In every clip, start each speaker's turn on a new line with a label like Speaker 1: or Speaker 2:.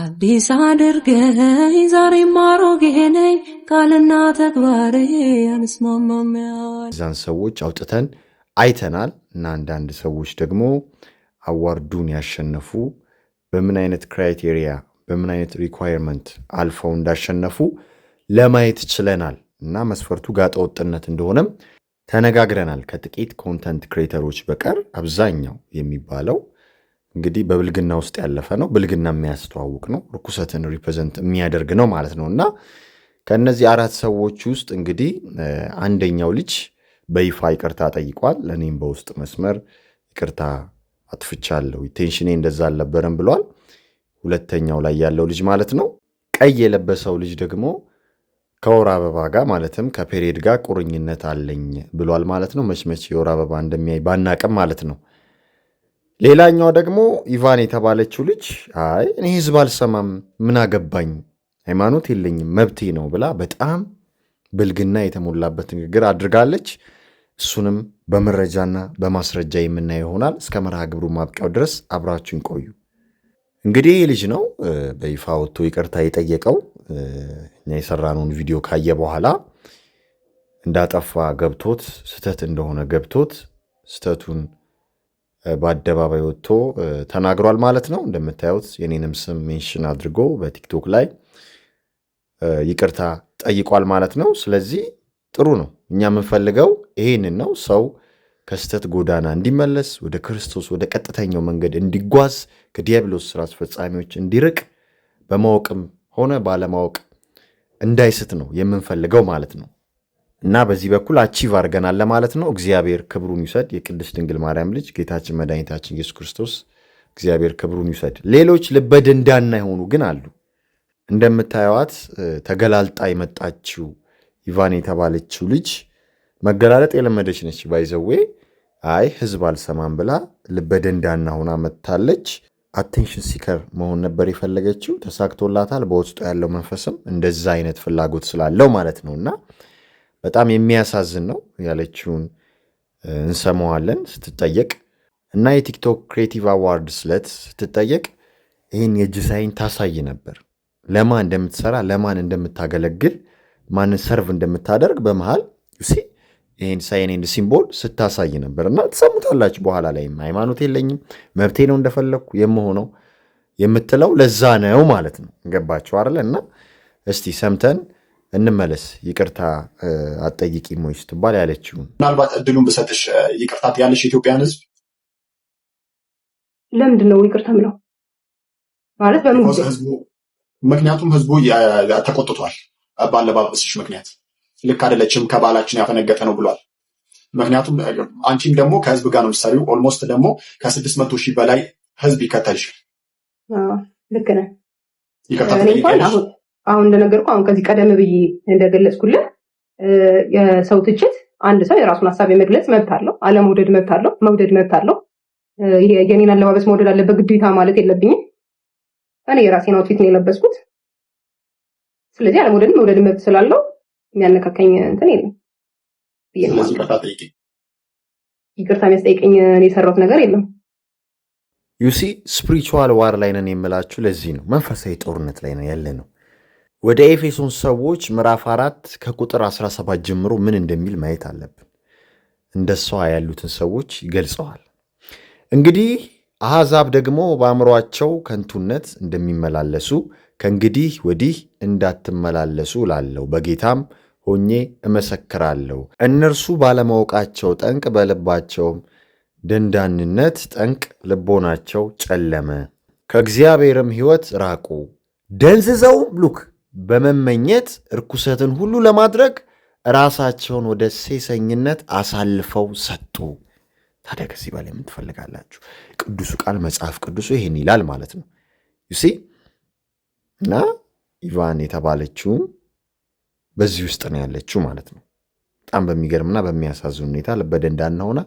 Speaker 1: አዲስ አድርገኝ ዛሬም አሮጌ ነኝ፣ ቃልና ተግባሬ አንስማማም።
Speaker 2: እዛን ሰዎች አውጥተን አይተናል እና አንዳንድ ሰዎች ደግሞ አዋርዱን ያሸነፉ በምን አይነት ክራይቴሪያ በምን አይነት ሪኳየርመንት አልፈው እንዳሸነፉ ለማየት ችለናል እና መስፈርቱ ጋጠ እንደሆነም ተነጋግረናል። ከጥቂት ኮንተንት ክሬተሮች በቀር አብዛኛው የሚባለው እንግዲህ በብልግና ውስጥ ያለፈ ነው። ብልግና የሚያስተዋውቅ ነው። ርኩሰትን ሪፕሬዘንት የሚያደርግ ነው ማለት ነው እና ከእነዚህ አራት ሰዎች ውስጥ እንግዲህ አንደኛው ልጅ በይፋ ይቅርታ ጠይቋል። እኔም በውስጥ መስመር ይቅርታ አጥፍቻለሁ፣ ቴንሽኔ እንደዛ አልነበረም ብሏል። ሁለተኛው ላይ ያለው ልጅ ማለት ነው። ቀይ የለበሰው ልጅ ደግሞ ከወር አበባ ጋር ማለትም ከፔሬድ ጋር ቁርኝነት አለኝ ብሏል ማለት ነው። መች መች የወር አበባ እንደሚያይ ባናቅም ማለት ነው። ሌላኛው ደግሞ ኢቫን የተባለችው ልጅ አይ እኔ ህዝብ አልሰማም፣ ምን አገባኝ፣ ሃይማኖት የለኝም፣ መብቴ ነው ብላ በጣም ብልግና የተሞላበት ንግግር አድርጋለች። እሱንም በመረጃና በማስረጃ የምናየው ይሆናል። እስከ መርሃ ግብሩ ማብቂያው ድረስ አብራችን ቆዩ። እንግዲህ ይህ ልጅ ነው በይፋ ወጥቶ ይቅርታ የጠየቀው እኛ የሰራነውን ቪዲዮ ካየ በኋላ እንዳጠፋ ገብቶት ስህተት እንደሆነ ገብቶት ስህተቱን በአደባባይ ወጥቶ ተናግሯል ማለት ነው። እንደምታዩት የኔንም ስም ሜንሽን አድርጎ በቲክቶክ ላይ ይቅርታ ጠይቋል ማለት ነው። ስለዚህ ጥሩ ነው። እኛ የምንፈልገው ይህንን ነው። ሰው ከስህተት ጎዳና እንዲመለስ፣ ወደ ክርስቶስ ወደ ቀጥተኛው መንገድ እንዲጓዝ፣ ከዲያብሎስ ስራ አስፈጻሚዎች እንዲርቅ፣ በማወቅም ሆነ ባለማወቅ እንዳይስት ነው የምንፈልገው ማለት ነው። እና በዚህ በኩል አቺቭ አድርገናል ለማለት ነው። እግዚአብሔር ክብሩን ይውሰድ። የቅድስት ድንግል ማርያም ልጅ ጌታችን መድኃኒታችን ኢየሱስ ክርስቶስ እግዚአብሔር ክብሩን ይውሰድ። ሌሎች ልበደንዳና የሆኑ ግን አሉ። እንደምታየዋት ተገላልጣ የመጣችው ይቫን የተባለችው ልጅ መገላለጥ የለመደች ነች። ባይዘዌ አይ ህዝብ አልሰማም ብላ ልበደንዳና ሆና መታለች አቴንሽን ሲከር መሆን ነበር የፈለገችው፣ ተሳክቶላታል። በውስጡ ያለው መንፈስም እንደዛ አይነት ፍላጎት ስላለው ማለት ነው እና በጣም የሚያሳዝን ነው ያለችውን እንሰማዋለን ስትጠየቅ እና የቲክቶክ ክሬቲቭ አዋርድስ ዕለት ስትጠየቅ ይህን የእጅ ሳይን ታሳይ ነበር። ለማን እንደምትሰራ፣ ለማን እንደምታገለግል፣ ማንን ሰርቭ እንደምታደርግ በመሃል ይህን ሳይን ኤንድ ሲምቦል ስታሳይ ነበር እና ትሰሙታላችሁ። በኋላ ላይም ሃይማኖት የለኝም መብቴ ነው እንደፈለግኩ የምሆነው የምትለው ለዛ ነው ማለት ነው። ገባችሁ አለ እና እስቲ ሰምተን እንመለስ ይቅርታ አጠይቂ ወይ ትባል ያለችው
Speaker 3: ምናልባት እድሉን ብሰጥሽ ይቅርታ ያለሽ ኢትዮጵያን ህዝብ
Speaker 4: ለምንድን ነው ይቅርታ ምለው ማለት በምን
Speaker 3: ምክንያቱም ህዝቡ ተቆጥቷል ባለባበስሽ ምክንያት ልክ አይደለችም ከባህላችን ያፈነገጠ ነው ብሏል ምክንያቱም አንቺም ደግሞ ከህዝብ ጋር ነው የምትሰሪው ኦልሞስት ደግሞ ከስድስት መቶ ሺህ በላይ ህዝብ ይከተልሻል ልክ ነህ ይቅርታ
Speaker 4: አሁን እንደነገርኩ አሁን ከዚህ ቀደም ብዬ እንደገለጽኩልን የሰው ትችት አንድ ሰው የራሱን ሀሳብ የመግለጽ መብት አለው። አለመውደድ መብት አለው። መውደድ መብት አለው። ይሄ የኔን አለባበስ መውደድ አለበት ግዴታ ማለት የለብኝም። እኔ የራሴን አውትፊት ነው የለበስኩት። ስለዚህ አለመውደድ መውደድ መብት ስላለው የሚያነካከኝ እንትን የለም። ይቅርታ የሚያስጠይቀኝ የሰራሁት ነገር የለም።
Speaker 2: ዩሲ ስፕሪቹዋል ዋር ላይ ነን የምላችሁ ለዚህ ነው። መንፈሳዊ ጦርነት ላይ ነው ያለ ነው። ወደ ኤፌሶን ሰዎች ምዕራፍ አራት ከቁጥር 17 ጀምሮ ምን እንደሚል ማየት አለብን። እንደሷ ያሉትን ሰዎች ይገልጸዋል። እንግዲህ አሕዛብ ደግሞ በአእምሯቸው ከንቱነት እንደሚመላለሱ ከእንግዲህ ወዲህ እንዳትመላለሱ እላለሁ፣ በጌታም ሆኜ እመሰክራለሁ። እነርሱ ባለማወቃቸው ጠንቅ፣ በልባቸውም ደንዳንነት ጠንቅ ልቦናቸው ጨለመ፣ ከእግዚአብሔርም ሕይወት ራቁ፣ ደንዝዘው ሉክ በመመኘት እርኩሰትን ሁሉ ለማድረግ ራሳቸውን ወደ ሴሰኝነት አሳልፈው ሰጡ። ታዲያ ከዚህ በላይ ምን ትፈልጋላችሁ? ቅዱሱ ቃል መጽሐፍ ቅዱሱ ይሄን ይላል ማለት ነው። ዩሲ እና ኢቫን የተባለችው በዚህ ውስጥ ነው ያለችው ማለት ነው። በጣም በሚገርምና በሚያሳዝን ሁኔታ በደንዳና ሆና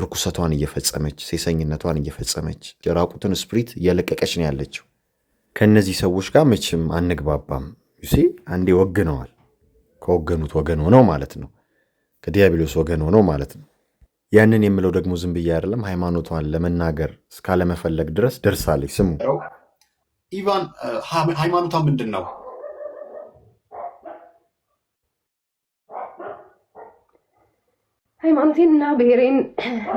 Speaker 2: እርኩሰቷን እየፈጸመች ሴሰኝነቷን እየፈጸመች የራቁትን ስፕሪት እየለቀቀች ነው ያለችው። ከእነዚህ ሰዎች ጋር መቼም አንግባባም። ዩሲ አንዴ ወግነዋል። ከወገኑት ወገን ሆነው ማለት ነው። ከዲያብሎስ ወገን ሆነው ማለት ነው። ያንን የምለው ደግሞ ዝም ብዬ አይደለም። ሃይማኖቷን ለመናገር እስካለመፈለግ ድረስ ደርሳለች። ስሙ
Speaker 3: ኢቫን፣ ሃይማኖቷ ምንድን ነው?
Speaker 4: ሃይማኖቴንና ብሔሬን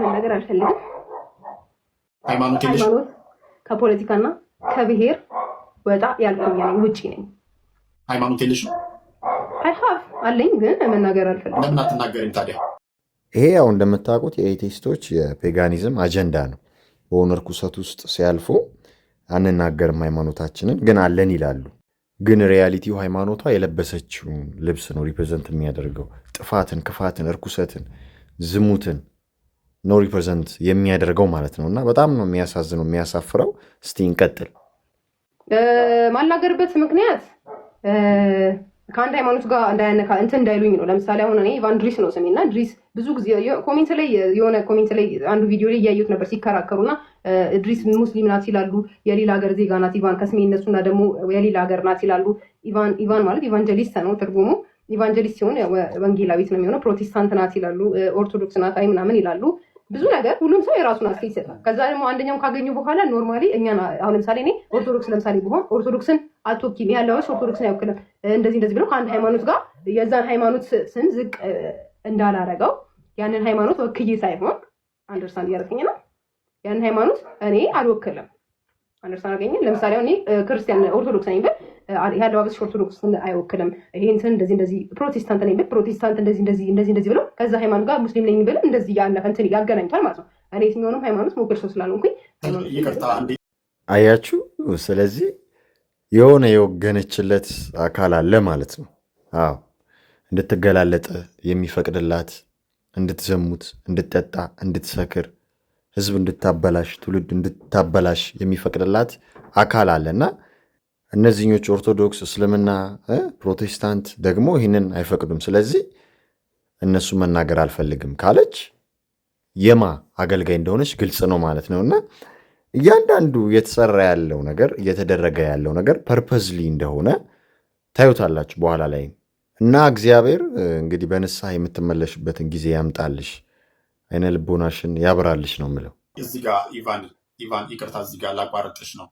Speaker 4: መናገር አልፈልግም። ሃይማኖት ከፖለቲካና ከብሔር ወጣ ያልኩኝ ነኝ፣ ውጭ ነኝ።
Speaker 3: ሃይማኖት የለሽም?
Speaker 4: አይሀፍ አለኝ፣ ግን መናገር አልፈልግም።
Speaker 3: ለምን አትናገርም ታዲያ?
Speaker 2: ይሄ ያው እንደምታውቁት የኤቴስቶች የፔጋኒዝም አጀንዳ ነው። በሆነ ርኩሰት ውስጥ ሲያልፉ አንናገርም ሃይማኖታችንን ግን አለን ይላሉ። ግን ሪያሊቲው ሃይማኖቷ የለበሰችውን ልብስ ነው ሪፕሬዘንት የሚያደርገው። ጥፋትን፣ ክፋትን፣ እርኩሰትን፣ ዝሙትን ነው ሪፕሬዘንት የሚያደርገው ማለት ነው። እና በጣም ነው የሚያሳዝነው፣ የሚያሳፍረው። እስቲ እንቀጥል።
Speaker 4: ማናገርበት ምክንያት ከአንድ ሃይማኖት ጋር እንዳያነካ እንትን እንዳይሉኝ ነው። ለምሳሌ አሁን እኔ ኢቫን ድሪስ ነው ስሜና ድሪስ ብዙ ጊዜ ኮሜንት ላይ የሆነ ኮሜንት ላይ አንዱ ቪዲዮ ላይ እያየሁት ነበር ሲከራከሩና ድሪስ ሙስሊም ናት ይላሉ፣ የሌላ ሀገር ዜጋ ናት ኢቫን ከስሜ እነሱና ደግሞ የሌላ ሀገር ናት ይላሉ። ኢቫን ማለት ኢቫንጀሊስት ነው ትርጉሙ። ኢቫንጀሊስት ሲሆን ወንጌላዊት ነው የሚሆነው። ፕሮቴስታንት ናት ይላሉ፣ ኦርቶዶክስ ናት አይ ምናምን ይላሉ። ብዙ ነገር ሁሉም ሰው የራሱን አስተያየት ይሰጣል። ከዛ ደግሞ አንደኛውን ካገኙ በኋላ ኖርማሊ እኛ አሁን ለምሳሌ እኔ ኦርቶዶክስ ለምሳሌ ብሆን ኦርቶዶክስን አትወኪም ያለው ኦርቶዶክስን አይወክልም እንደዚህ እንደዚህ ብለው ከአንድ ሃይማኖት ጋር የዛን ሃይማኖት ስም ዝቅ እንዳላረገው ያንን ሃይማኖት ወክዬ ሳይሆን አንደርስታንድ እያደረገኝ ነው። ያንን ሃይማኖት እኔ አልወክልም። አንደርስታንድ አገኘ ለምሳሌ እኔ ክርስቲያን ኦርቶዶክስ ነኝ ብል የአድዋ ግስ ኦርቶዶክስን አይወክልም። ይህንትን እንደዚህ እንደዚህ ፕሮቴስታንት ነኝ ብል ፕሮቴስታንት እንደዚህ እንደዚህ እንደዚህ እንደዚህ ብሎ ከዛ ሃይማኖት ጋር ሙስሊም ነኝ ብል እንደዚህ ያለፈ እንትን ያገናኝቷል ማለት ነው። እኔ የትኛውንም ሃይማኖት ሞክር ሰው ስላልሆንኩኝ
Speaker 2: አያችሁ። ስለዚህ የሆነ የወገነችለት አካል አለ ማለት ነው። አዎ እንድትገላለጠ የሚፈቅድላት እንድትዘሙት፣ እንድትጠጣ፣ እንድትሰክር፣ ህዝብ እንድታበላሽ፣ ትውልድ እንድታበላሽ የሚፈቅድላት አካል አለ እና እነዚህኞች ኦርቶዶክስ፣ እስልምና፣ ፕሮቴስታንት ደግሞ ይህንን አይፈቅዱም። ስለዚህ እነሱ መናገር አልፈልግም ካለች የማ አገልጋይ እንደሆነች ግልጽ ነው ማለት ነው እና እያንዳንዱ እየተሰራ ያለው ነገር እየተደረገ ያለው ነገር ፐርፐዝሊ እንደሆነ ታዩታላችሁ በኋላ ላይ እና እግዚአብሔር እንግዲህ በንስሐ የምትመለሽበትን ጊዜ ያምጣልሽ፣ አይነ ልቦናሽን ያብራልሽ ነው የምለው።
Speaker 3: እዚህ ጋ ኢቫን፣ ይቅርታ እዚህ ጋ ላቋረጥሽ ነው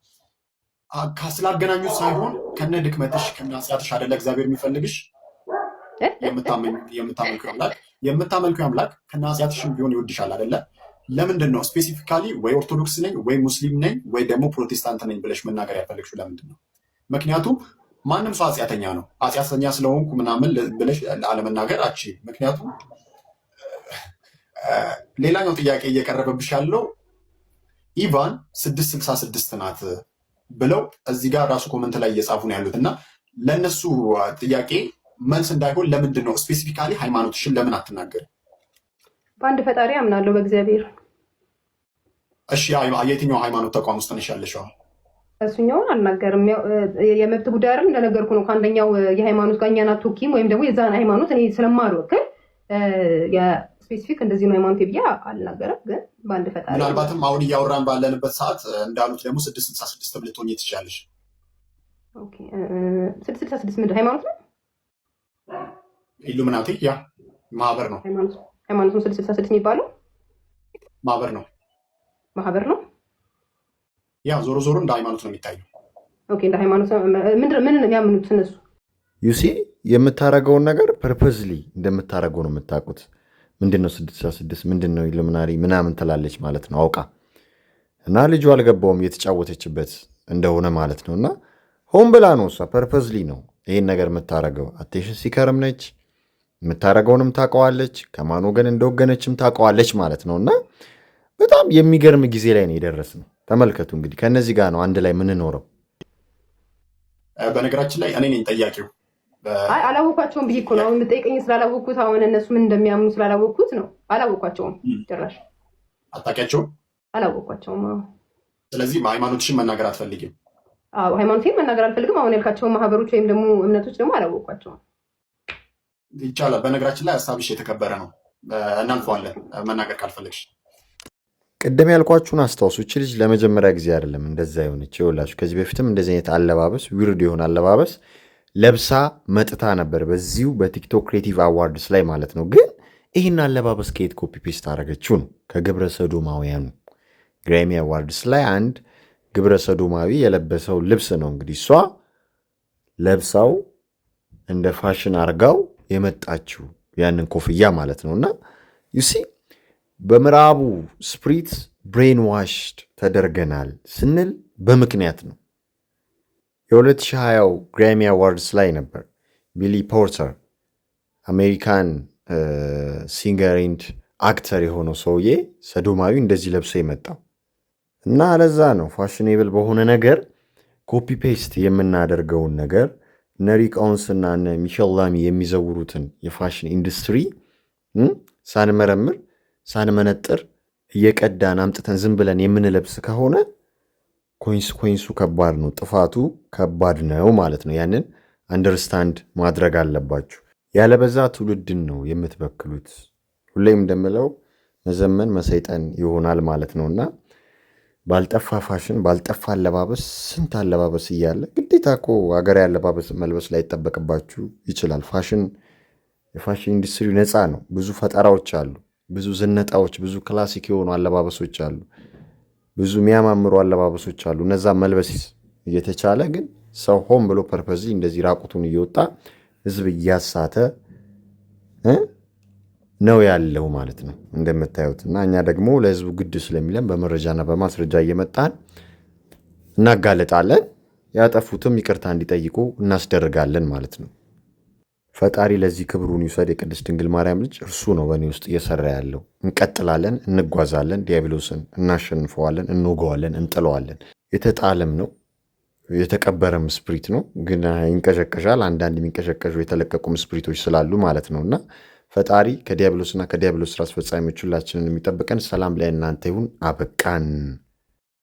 Speaker 3: ስላገናኙት ሳይሆን ከነ ድክመትሽ ከነ ኃጢአትሽ አይደለ እግዚአብሔር የሚፈልግሽ የምታመልኩ አምላክ የምታመልኩ አምላክ ከነ ኃጢአትሽም ቢሆን ይወድሻል አይደለ ለምንድን ነው ስፔሲፊካሊ ወይ ኦርቶዶክስ ነኝ ወይ ሙስሊም ነኝ ወይ ደግሞ ፕሮቴስታንት ነኝ ብለሽ መናገር ያልፈለግሽው ለምንድን ነው ምክንያቱም ማንም ሰው ኃጢአተኛ ነው ኃጢአተኛ ስለሆንኩ ምናምን ብለሽ አለመናገር አቺ ምክንያቱም ሌላኛው ጥያቄ እየቀረበብሽ ያለው ኢቫን ስድስት ስልሳ ስድስት ናት ብለው እዚህ ጋር ራሱ ኮመንት ላይ እየጻፉ ነው ያሉት እና ለእነሱ ጥያቄ መልስ እንዳይሆን ለምንድን ነው ስፔሲፊካሊ ሃይማኖትሽን ለምን አትናገር?
Speaker 4: በአንድ ፈጣሪ አምናለሁ በእግዚአብሔር።
Speaker 3: እሺ የትኛው ሃይማኖት ተቋም ውስጥ ነሽ ያለሽው?
Speaker 4: እሱኛውን አልናገርም። የመብት ጉዳይ አይደል እንደነገርኩ ነው። ከአንደኛው የሃይማኖት ጋር እኛን አትወኪም ወይም ደግሞ የዛን ሃይማኖት እኔ ስለማልወክል ስፔሲፊክ እንደዚህ ነው ሃይማኖቴ ብዬ አልናገርም። ግን በአንድ ፈጣሪ
Speaker 3: ምናልባትም አሁን እያወራን ባለንበት ሰዓት እንዳሉት ደግሞ ስድስት ስልሳ ስድስት ልትሆኚ ትችያለሽ።
Speaker 4: ስድስት ስልሳ ስድስት ምንድን ሃይማኖት ነው?
Speaker 3: ምናቴ ያ ማህበር ነው።
Speaker 4: ሃይማኖት ነው ስድስት ስልሳ ስድስት የሚባለው ማህበር ነው። ማህበር ነው።
Speaker 3: ያ ዞሮ ዞሮ እንደ ሃይማኖት ነው የሚታየው።
Speaker 4: ኦኬ እንደ ሃይማኖት ምን የሚያምኑት እነሱ
Speaker 2: ዩሲ የምታደርገውን ነገር ፐርፐዝሊ እንደምታደርገው ነው የምታውቁት ምንድን ነው ስድስት ምንድነው ምንድን ነው ኢሉሚናሪ ምናምን ትላለች ማለት ነው አውቃ እና ልጁ አልገባውም የተጫወተችበት እንደሆነ ማለት ነው። እና ሆን ብላ ነው እሷ ፐርፐዝሊ ነው ይህን ነገር የምታረገው። አቴንሽን ሲከርም ነች የምታረገውንም ታውቀዋለች፣ ከማን ወገን እንደወገነችም ታውቀዋለች ማለት ነው። እና በጣም የሚገርም ጊዜ ላይ ነው የደረስነው። ተመልከቱ እንግዲህ ከእነዚህ ጋር ነው አንድ ላይ የምንኖረው።
Speaker 3: በነገራችን ላይ እኔ ነኝ ጠያቂው።
Speaker 4: አይ አላወኳቸውም ብዬ እኮ ነው አሁን የምጠይቀኝ ስላላወኩት አሁን እነሱ ምን እንደሚያምኑ ስላላወኩት ነው። አላወኳቸውም
Speaker 3: ጭራሽ አታውቂያቸውም?
Speaker 4: አላወኳቸውም።
Speaker 3: ስለዚህ በሃይማኖትሽን መናገር አትፈልጊም?
Speaker 4: አዎ ሃይማኖቴን መናገር አልፈልግም። አሁን ያልካቸውን ማህበሮች ወይም ደግሞ እምነቶች ደግሞ አላወኳቸውም።
Speaker 3: ይቻላል። በነገራችን ላይ ሀሳብሽ የተከበረ ነው። እናልፈዋለን መናገር ካልፈለግሽ
Speaker 2: ቅድም ያልኳችሁን አስታውሱ። እች ልጅ ለመጀመሪያ ጊዜ አይደለም እንደዛ የሆነች። ይላችሁ ከዚህ በፊትም እንደዚህ አይነት አለባበስ ዊርድ የሆነ አለባበስ ለብሳ መጥታ ነበር፣ በዚሁ በቲክቶክ ክሬቲቭ አዋርድስ ላይ ማለት ነው። ግን ይህን አለባበስ ከየት ኮፒ ፔስት አደረገችው ነው? ከግብረ ሰዶማውያኑ ግራሚ አዋርድስ ላይ አንድ ግብረ ሰዶማዊ የለበሰው ልብስ ነው እንግዲህ እሷ ለብሳው እንደ ፋሽን አርጋው የመጣችው ያንን ኮፍያ ማለት ነው። እና ዩሲ በምዕራቡ ስፕሪት ብሬን ዋሽድ ተደርገናል ስንል በምክንያት ነው። የ2020 ግራሚ አዋርድስ ላይ ነበር። ቢሊ ፖርተር አሜሪካን ሲንገሪንድ አክተር የሆነው ሰውዬ ሰዶማዊ እንደዚህ ለብሶ የመጣው እና ለዛ ነው ፋሽኔብል በሆነ ነገር ኮፒ ፔስት የምናደርገውን ነገር እነ ኦንስ እና ሚሸል ላሚ የሚዘውሩትን የፋሽን ኢንዱስትሪ ሳንመረምር ሳንመነጥር እየቀዳን አምጥተን ዝም ብለን የምንለብስ ከሆነ ኮንስኮንሱ ከባድ ነው፣ ጥፋቱ ከባድ ነው ማለት ነው። ያንን አንደርስታንድ ማድረግ አለባችሁ። ያለበዛ ትውልድን ነው የምትበክሉት። ሁሌም እንደምለው መዘመን መሰይጠን ይሆናል ማለት ነው እና ባልጠፋ ፋሽን ባልጠፋ አለባበስ ስንት አለባበስ እያለ ግዴታ እኮ ሀገራዊ አለባበስ መልበስ ላይ ይጠበቅባችሁ ይችላል። ፋሽን የፋሽን ኢንዱስትሪ ነፃ ነው። ብዙ ፈጠራዎች አሉ፣ ብዙ ዝነጣዎች፣ ብዙ ክላሲክ የሆኑ አለባበሶች አሉ። ብዙ የሚያማምሩ አለባበሶች አሉ። እነዛ መልበስ እየተቻለ ግን ሰው ሆን ብሎ ፐርፐዝ እንደዚህ ራቁቱን እየወጣ ህዝብ እያሳተ ነው ያለው ማለት ነው እንደምታዩት። እና እኛ ደግሞ ለህዝቡ ግድ ስለሚለን በመረጃና በማስረጃ እየመጣን እናጋለጣለን። ያጠፉትም ይቅርታ እንዲጠይቁ እናስደርጋለን ማለት ነው። ፈጣሪ ለዚህ ክብሩን ይውሰድ። የቅድስት ድንግል ማርያም ልጅ እርሱ ነው በእኔ ውስጥ እየሰራ ያለው። እንቀጥላለን፣ እንጓዛለን፣ ዲያብሎስን እናሸንፈዋለን፣ እንውገዋለን፣ እንጥለዋለን። የተጣለም ነው የተቀበረም ስፕሪት ነው፣ ግን ይንቀሸቀሻል። አንዳንድ የሚንቀሸቀሹ የተለቀቁም ስፕሪቶች ስላሉ ማለት ነው እና ፈጣሪ ከዲያብሎስና ከዲያብሎስ ስራ አስፈጻሚዎች ሁላችንን የሚጠብቀን። ሰላም እናንተ ይሁን። አበቃን።